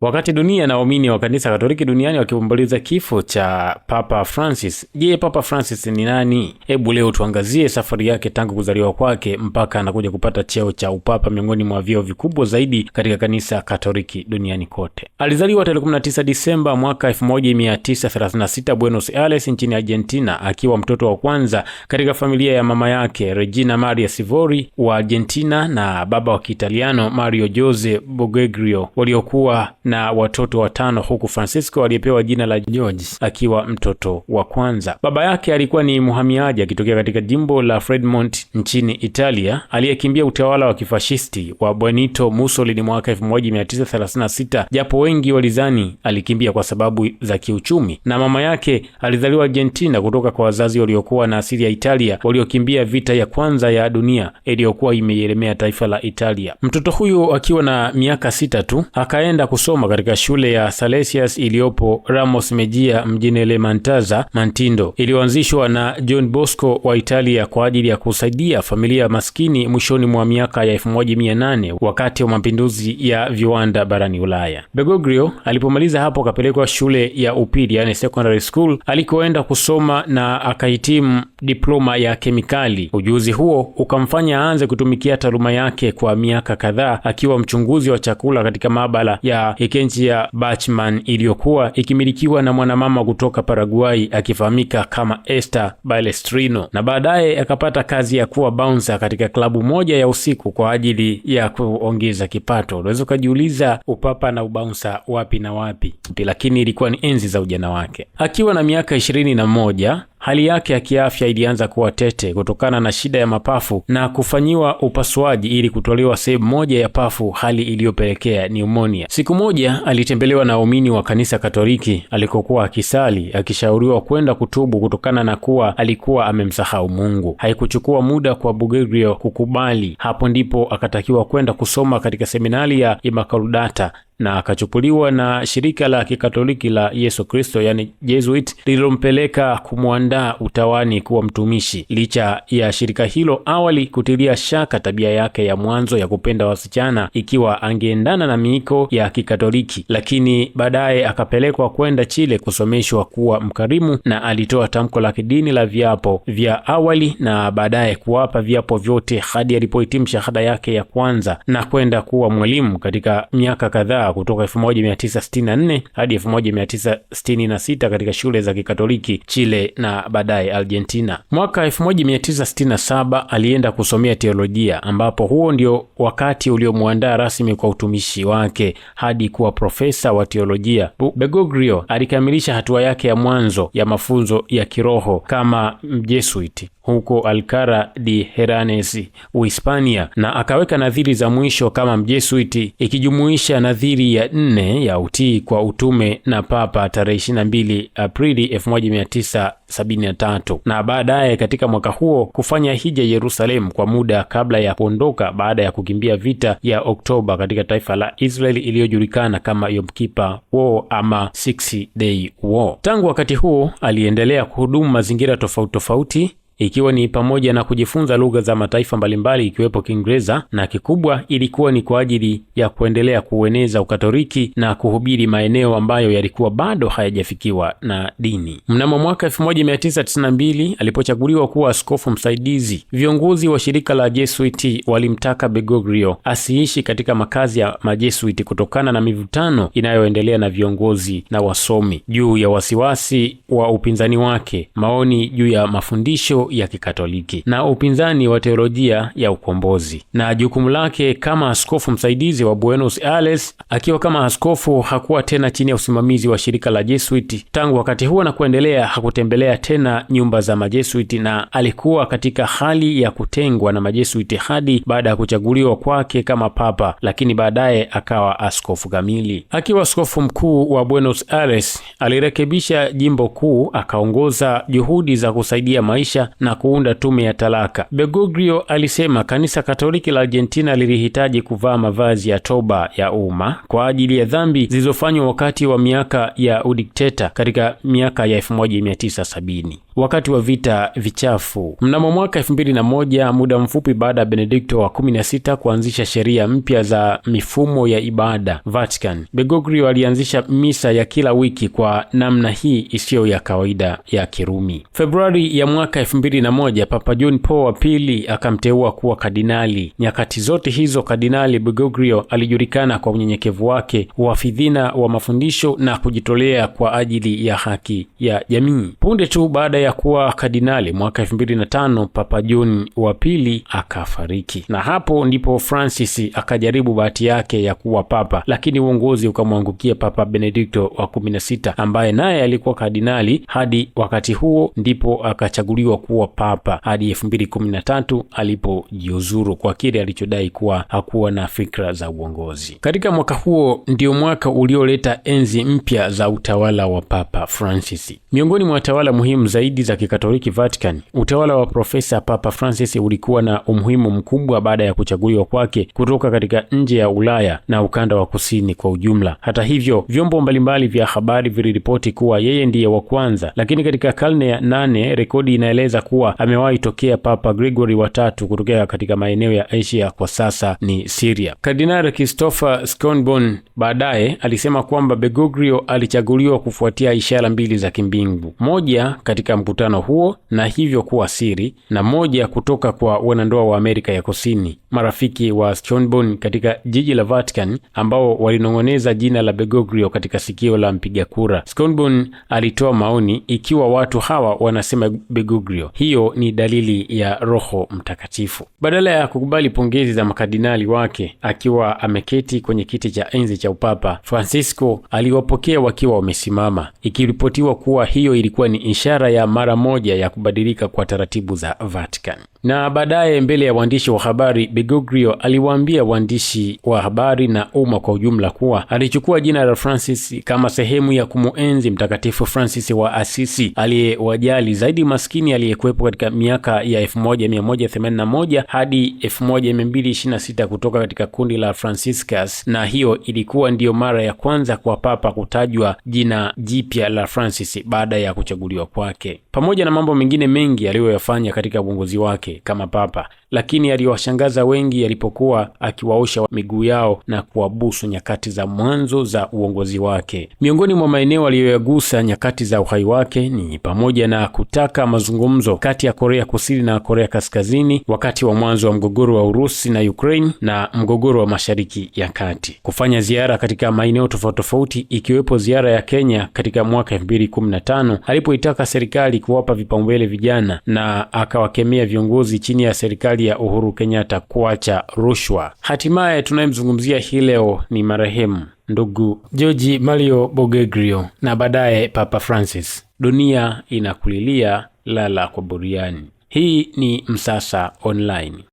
Wakati dunia na waumini wa kanisa Katoliki duniani wakiomboleza kifo cha Papa Francis. Je, Papa Francis ni nani? Hebu leo tuangazie safari yake tangu kuzaliwa kwake mpaka anakuja kupata cheo cha upapa miongoni mwa vyeo vikubwa zaidi katika kanisa Katoliki duniani kote. Alizaliwa tarehe 19 Disemba mwaka 1936 Buenos Aires nchini Argentina, akiwa mtoto wa kwanza katika familia ya mama yake Regina Maria Sivori wa Argentina na baba wa Kiitaliano Mario Jose bogegrio waliokuwa na watoto watano, huku Francisco aliyepewa jina la George akiwa mtoto wa kwanza. Baba yake alikuwa ni mhamiaji akitokea katika jimbo la Fremont nchini Italia, aliyekimbia utawala wa kifashisti wa Benito Mussolini mwaka 1936, japo wengi walizani alikimbia kwa sababu za kiuchumi. Na mama yake alizaliwa Argentina kutoka kwa wazazi waliokuwa na asili ya Italia waliokimbia vita ya kwanza ya dunia iliyokuwa imeielemea taifa la Italia. Mtoto huyu akiwa na miaka sita tu akaenda kusoma kusoma katika shule ya salesias iliyopo Ramos Mejia mjini Lemantaza, Mantindo, iliyoanzishwa na John Bosco wa Italia kwa ajili ya kusaidia familia maskini mwishoni mwa miaka ya 1800 wakati wa mapinduzi ya viwanda barani Ulaya. begogrio alipomaliza hapo akapelekwa shule ya upili yani secondary school alikoenda kusoma na akahitimu diploma ya kemikali. Ujuzi huo ukamfanya aanze kutumikia taaluma yake kwa miaka kadhaa akiwa mchunguzi wa chakula katika maabara ya Kenji ya Bachman iliyokuwa ikimilikiwa na mwanamama kutoka Paraguay akifahamika kama Esther Balestrino, na baadaye akapata kazi ya kuwa bouncer katika klabu moja ya usiku kwa ajili ya kuongeza kipato. Unaweza ukajiuliza upapa na ubaunsa wapi na wapi, lakini ilikuwa ni enzi za ujana wake. Akiwa na miaka ishirini na moja Hali yake ya kiafya ilianza kuwa tete kutokana na shida ya mapafu na kufanyiwa upasuaji ili kutolewa sehemu moja ya pafu, hali iliyopelekea pneumonia. Siku moja alitembelewa na waumini wa kanisa Katoliki alikokuwa akisali, akishauriwa kwenda kutubu kutokana na kuwa alikuwa amemsahau Mungu. Haikuchukua muda kwa Bugerio kukubali. Hapo ndipo akatakiwa kwenda kusoma katika seminari ya Imakaludata na akachukuliwa na shirika la Kikatoliki la Yesu Kristo yani Jesuit lililompeleka kumwandaa utawani kuwa mtumishi. Licha ya shirika hilo awali kutilia shaka tabia yake ya mwanzo ya kupenda wasichana ikiwa angeendana na miiko ya Kikatoliki, lakini baadaye akapelekwa kwenda Chile kusomeshwa kuwa mkarimu, na alitoa tamko la kidini la viapo vya awali na baadaye kuwapa viapo vyote hadi alipohitimu shahada yake ya kwanza na kwenda kuwa mwalimu katika miaka kadhaa kadhaa kutoka 1964 hadi 1966 katika shule za Kikatoliki Chile na baadaye Argentina. Mwaka 1967 alienda kusomea teolojia, ambapo huo ndio wakati uliomwandaa rasmi kwa utumishi wake hadi kuwa profesa wa teolojia. Bergoglio alikamilisha hatua yake ya mwanzo ya mafunzo ya kiroho kama Mjesuiti huko Alcara de heranes Uhispania, na akaweka nadhiri za mwisho kama mjesuiti ikijumuisha nadhiri ya nne ya utii kwa utume na Papa tarehe 22 Aprili 1973 na baadaye katika mwaka huo kufanya hija Yerusalemu kwa muda kabla ya kuondoka baada ya kukimbia vita ya Oktoba katika taifa la Israeli iliyojulikana kama Yom Kippur War ama Six Day War. Tangu wakati huo aliendelea kuhudumu mazingira tofauti tofauti ikiwa ni pamoja na kujifunza lugha za mataifa mbalimbali ikiwepo Kiingereza, na kikubwa ilikuwa ni kwa ajili ya kuendelea kueneza Ukatoliki na kuhubiri maeneo ambayo yalikuwa bado hayajafikiwa na dini. Mnamo mwaka 1992 alipochaguliwa kuwa askofu msaidizi, viongozi wa shirika la Jesuiti walimtaka Bergoglio asiishi katika makazi ya majesuiti kutokana na mivutano inayoendelea na viongozi na wasomi juu ya wasiwasi wa upinzani wake, maoni juu ya mafundisho ya Kikatoliki na upinzani wa teolojia ya ukombozi na jukumu lake kama askofu msaidizi wa Buenos Aires. Akiwa kama askofu hakuwa tena chini ya usimamizi wa shirika la Jesuit. Tangu wakati huo na kuendelea, hakutembelea tena nyumba za majesuiti na alikuwa katika hali ya kutengwa na majesuiti hadi baada ya kuchaguliwa kwake kama papa, lakini baadaye akawa askofu kamili. Akiwa askofu mkuu wa Buenos Aires alirekebisha jimbo kuu, akaongoza juhudi za kusaidia maisha na kuunda tume ya talaka. Bergoglio alisema kanisa Katoliki la Argentina lilihitaji kuvaa mavazi ya toba ya umma kwa ajili ya dhambi zilizofanywa wakati wa miaka ya udikteta katika miaka ya 1970 wakati wa vita vichafu. Mnamo mwaka 2001, muda mfupi baada ya Benedikto wa 16 kuanzisha sheria mpya za mifumo ya ibada Vatican, Bergoglio alianzisha misa ya kila wiki kwa namna hii isiyo ya kawaida ya Kirumi. Februari ya mwaka 2001 Papa John Paul wa pili akamteua kuwa kardinali. Nyakati zote hizo Kardinali Bergoglio alijulikana kwa unyenyekevu wake, uafidhina wa mafundisho na kujitolea kwa ajili ya haki ya jamii. Punde tu baada ya kuwa kardinali mwaka 2005 Papa John wa pili akafariki, na hapo ndipo Francis akajaribu bahati yake ya kuwa papa, lakini uongozi ukamwangukia Papa Benedikto wa 16 ambaye naye alikuwa kardinali hadi wakati huo, ndipo akachaguliwa kuwa kuwa papa hadi 2013 alipojiuzuru kwa kile alichodai kuwa hakuwa na fikra za uongozi. Katika mwaka huo ndio mwaka ulioleta enzi mpya za utawala wa Papa Francis. Miongoni mwa tawala muhimu zaidi za Kikatoliki Vatican, utawala wa Profesa Papa Francis ulikuwa na umuhimu mkubwa baada ya kuchaguliwa kwake kutoka katika nje ya Ulaya na ukanda wa kusini kwa ujumla. Hata hivyo, vyombo mbalimbali vya habari viliripoti kuwa yeye ndiye wa kwanza, lakini katika karne ya nane rekodi inaeleza kuwa amewahi tokea Papa Gregory watatu kutokea katika maeneo ya Asia, kwa sasa ni Syria. Kardinali Christopher Schonborn baadaye alisema kwamba Bergoglio alichaguliwa kufuatia ishara mbili za kimbingu, moja katika mkutano huo na hivyo kuwa siri, na moja kutoka kwa wanandoa wa Amerika ya Kusini, marafiki wa Schonborn katika jiji la Vatican, ambao walinong'oneza jina la Bergoglio katika sikio la mpiga kura. Schonborn alitoa maoni ikiwa watu hawa wanasema Bergoglio hiyo ni dalili ya Roho Mtakatifu. Badala ya kukubali pongezi za makardinali wake akiwa ameketi kwenye kiti cha enzi cha upapa, Francisco aliwapokea wakiwa wamesimama, ikiripotiwa kuwa hiyo ilikuwa ni ishara ya mara moja ya kubadilika kwa taratibu za Vatican. Na baadaye mbele ya waandishi wa habari, bigogrio aliwaambia waandishi wa habari na umma kwa ujumla kuwa alichukua jina la Francis kama sehemu ya kumuenzi Mtakatifu Francis wa Asisi aliyewajali zaidi maskini aliyekuwepo katika miaka ya 1181 hadi 1226 kutoka katika kundi la Franciscus, na hiyo ilikuwa ndiyo mara ya kwanza kwa papa kutajwa jina jipya la Francis baada ya kuchaguliwa kwake, pamoja na mambo mengine mengi aliyoyafanya katika uongozi wake wake kama papa, lakini aliwashangaza wengi alipokuwa akiwaosha miguu yao na kuwabusu nyakati za mwanzo za uongozi wake. Miongoni mwa maeneo aliyoyagusa nyakati za uhai wake ni pamoja na kutaka mazungumzo kati ya Korea Kusini na Korea Kaskazini wakati wa mwanzo wa mgogoro wa Urusi na Ukraine na mgogoro wa Mashariki ya Kati, kufanya ziara katika maeneo tofauti tofauti, ikiwepo ziara ya Kenya katika mwaka 2015 alipoitaka serikali kuwapa vipaumbele vijana na akawakemea viongozi uongozi chini ya serikali ya Uhuru Kenyatta kuacha rushwa. Hatimaye tunayemzungumzia hii leo ni marehemu ndugu George Mario Bogegrio na baadaye Papa Francis. Dunia inakulilia, lala kwa buriani. Hii ni Msasa Online.